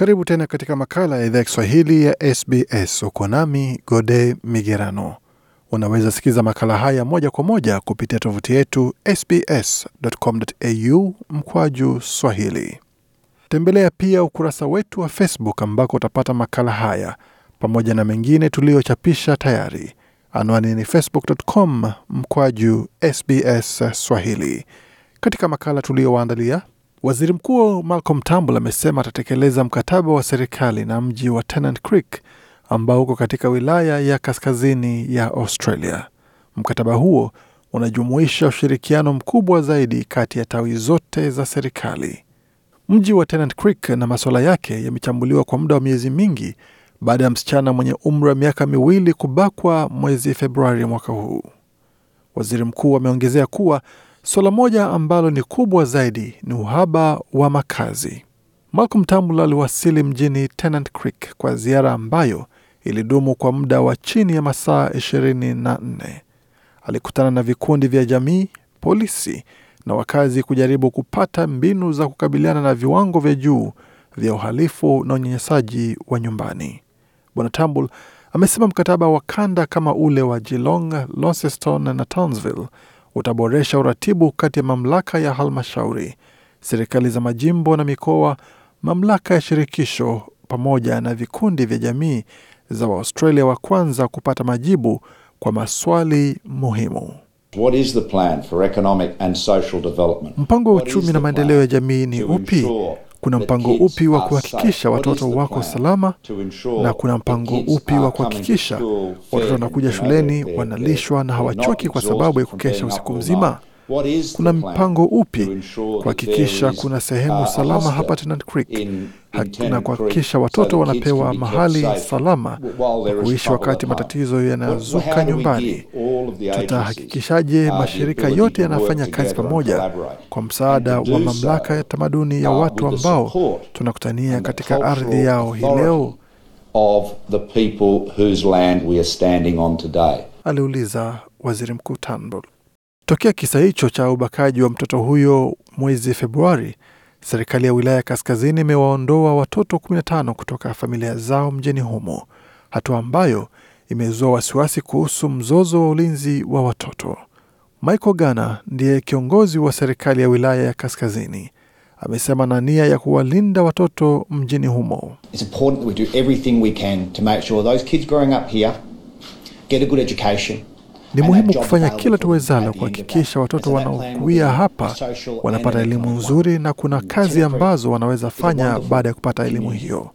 Karibu tena katika makala ya idhaa ya Kiswahili ya SBS. Uko nami Gode Migerano. Unaweza sikiza makala haya moja kwa moja kupitia tovuti yetu sbs.com.au mkwaju swahili. Tembelea pia ukurasa wetu wa Facebook ambako utapata makala haya pamoja na mengine tuliyochapisha tayari. Anwani ni facebook.com mkwaju sbs swahili. Katika makala tuliyowaandalia Waziri Mkuu Malcolm Turnbull amesema atatekeleza mkataba wa serikali na mji wa Tennant Creek ambao uko katika wilaya ya kaskazini ya Australia. Mkataba huo unajumuisha ushirikiano mkubwa zaidi kati ya tawi zote za serikali. Mji wa Tennant Creek na masuala yake yamechambuliwa kwa muda wa miezi mingi baada ya msichana mwenye umri wa miaka miwili kubakwa mwezi Februari mwaka huu. Waziri mkuu ameongezea kuwa Suala moja ambalo ni kubwa zaidi ni uhaba wa makazi. Malcolm Tambula aliwasili mjini Tennant Creek kwa ziara ambayo ilidumu kwa muda wa chini ya masaa 24. Alikutana na vikundi vya jamii, polisi na wakazi kujaribu kupata mbinu za kukabiliana na viwango vya juu vya uhalifu na unyanyasaji wa nyumbani. Bwana Tambul amesema mkataba wa kanda kama ule wa Geelong, Launceston na Townsville utaboresha uratibu kati ya mamlaka ya halmashauri, serikali za majimbo na mikoa, mamlaka ya shirikisho pamoja na vikundi vya jamii za Waaustralia wa kwanza kupata majibu kwa maswali muhimu. What is the plan for economic and social development? Mpango wa uchumi na maendeleo ya jamii ni upi? kuna mpango upi wa kuhakikisha watoto wako salama, na kuna mpango upi wa kuhakikisha watoto wanakuja shuleni wanalishwa na hawachoki kwa sababu ya kukesha usiku mzima? kuna mpango upi kuhakikisha kuna sehemu salama hapa Tennant Creek na kuhakikisha watoto wanapewa mahali salama kuishi wakati matatizo yanazuka nyumbani. Tutahakikishaje uh, mashirika yote yanafanya kazi pamoja kwa msaada wa mamlaka ya tamaduni ya uh, watu ambao tunakutania katika ardhi yao hii leo? aliuliza Waziri Mkuu Turnbull. Tokea kisa hicho cha ubakaji wa mtoto huyo mwezi Februari, serikali ya wilaya ya Kaskazini imewaondoa watoto 15 kutoka familia zao mjini humo, hatua ambayo imezua wasiwasi kuhusu mzozo wa ulinzi wa watoto. Michael Gana ndiye kiongozi wa serikali ya wilaya ya Kaskazini amesema na nia ya kuwalinda watoto mjini humo. Sure ni muhimu kufanya kila tuwezalo kuhakikisha watoto wanaokuia hapa wanapata elimu nzuri, na kuna kazi ambazo wanaweza fanya baada ya kupata elimu hiyo.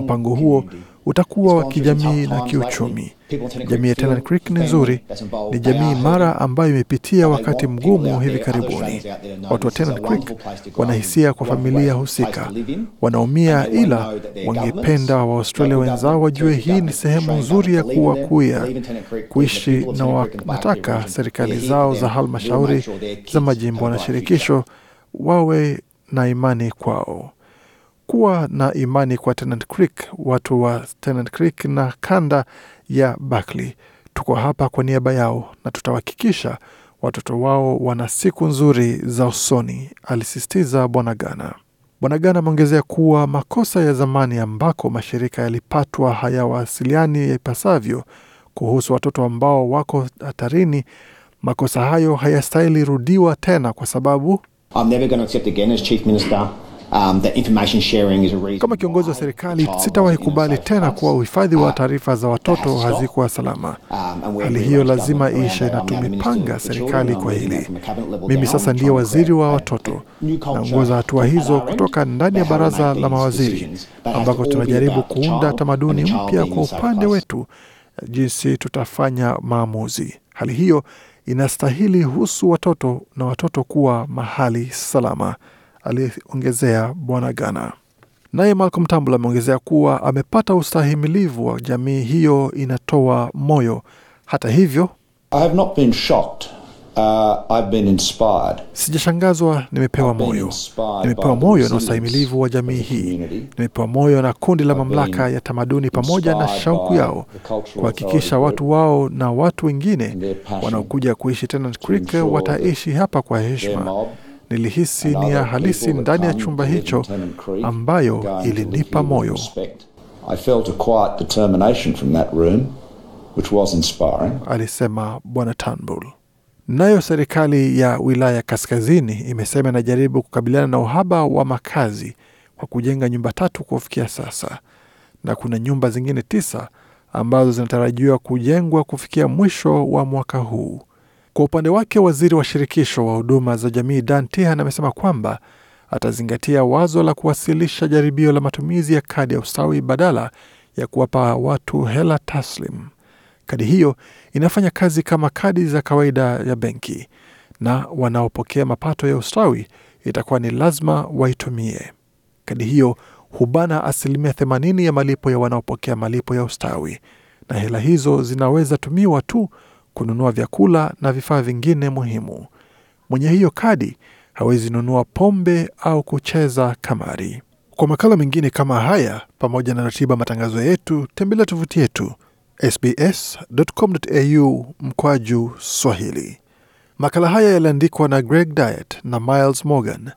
Mpango huo utakuwa wa kijamii na kiuchumi. Jamii ya Talon Creek ni nzuri, ni jamii imara ambayo imepitia wakati mgumu hivi karibuni. Watu wa Talon Creek wanahisia kwa familia husika, wanaumia, ila wangependa Waaustralia wenzao wajue hii ni sehemu nzuri ya kuya kuishi, na wanataka serikali zao za halmashauri za majimbo na shirikisho wawe na imani kwao kuwa na imani kwa Tennant Creek, watu wa Tennant Creek na kanda ya bakly Tuko hapa kwa niaba yao na tutahakikisha watoto wao wana siku nzuri za usoni, alisisitiza Bwana Gana. Bwana Gana ameongezea kuwa makosa ya zamani ambako mashirika yalipatwa hayawasiliani ipasavyo kuhusu watoto ambao wako hatarini, makosa hayo hayastahili rudiwa tena, kwa sababu I'm never accept again as chief minister Um, Kama kiongozi wa serikali sitawahi kubali tena kuwa uhifadhi wa taarifa za watoto hazikuwa salama. Um, Hali hiyo lazima iishe, na um, tumepanga serikali kwa hili. Mimi sasa ndiye waziri wa watoto, naongoza hatua hizo kutoka ndani ya baraza la mawaziri, ambako tunajaribu kuunda tamaduni mpya kwa upande wetu, eh, jinsi tutafanya maamuzi. Hali hiyo inastahili husu watoto na watoto kuwa mahali salama aliyeongezea Bwana Gana. Naye Malcolm Tambul ameongezea kuwa amepata ustahimilivu wa jamii hiyo inatoa moyo. Hata hivyo, I have not been shocked. Uh, sijashangazwa, nimepewa moyo, nimepewa moyo na ustahimilivu wa jamii hii, nimepewa moyo na kundi la mamlaka ya tamaduni, pamoja na shauku yao kuhakikisha watu wao na watu wengine wanaokuja kuishi Tennant Creek wataishi hapa kwa heshima nilihisi ni ya halisi ndani ya chumba hicho ambayo ilinipa moyo. Alisema Bwana Turnbull. Nayo serikali ya wilaya kaskazini imesema inajaribu kukabiliana na uhaba wa makazi kwa kujenga nyumba tatu kufikia sasa, na kuna nyumba zingine tisa ambazo zinatarajiwa kujengwa kufikia mwisho wa mwaka huu. Kwa upande wake, waziri wa shirikisho wa huduma za jamii Dan Tihan amesema kwamba atazingatia wazo la kuwasilisha jaribio la matumizi ya kadi ya ustawi badala ya kuwapa watu hela taslim. Kadi hiyo inafanya kazi kama kadi za kawaida ya benki, na wanaopokea mapato ya ustawi itakuwa ni lazima waitumie kadi hiyo. Hubana asilimia 80 ya malipo ya wanaopokea malipo ya ustawi, na hela hizo zinaweza tumiwa tu kununua vyakula na vifaa vingine muhimu. Mwenye hiyo kadi hawezi nunua pombe au kucheza kamari. Kwa makala mengine kama haya, pamoja na ratiba matangazo yetu, tembelea tovuti yetu sbs.com.au mkwaju Swahili. Makala haya yaliandikwa na Greg Diet na Miles Morgan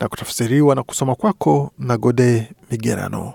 na kutafsiriwa na kusoma kwako na Gode Migerano.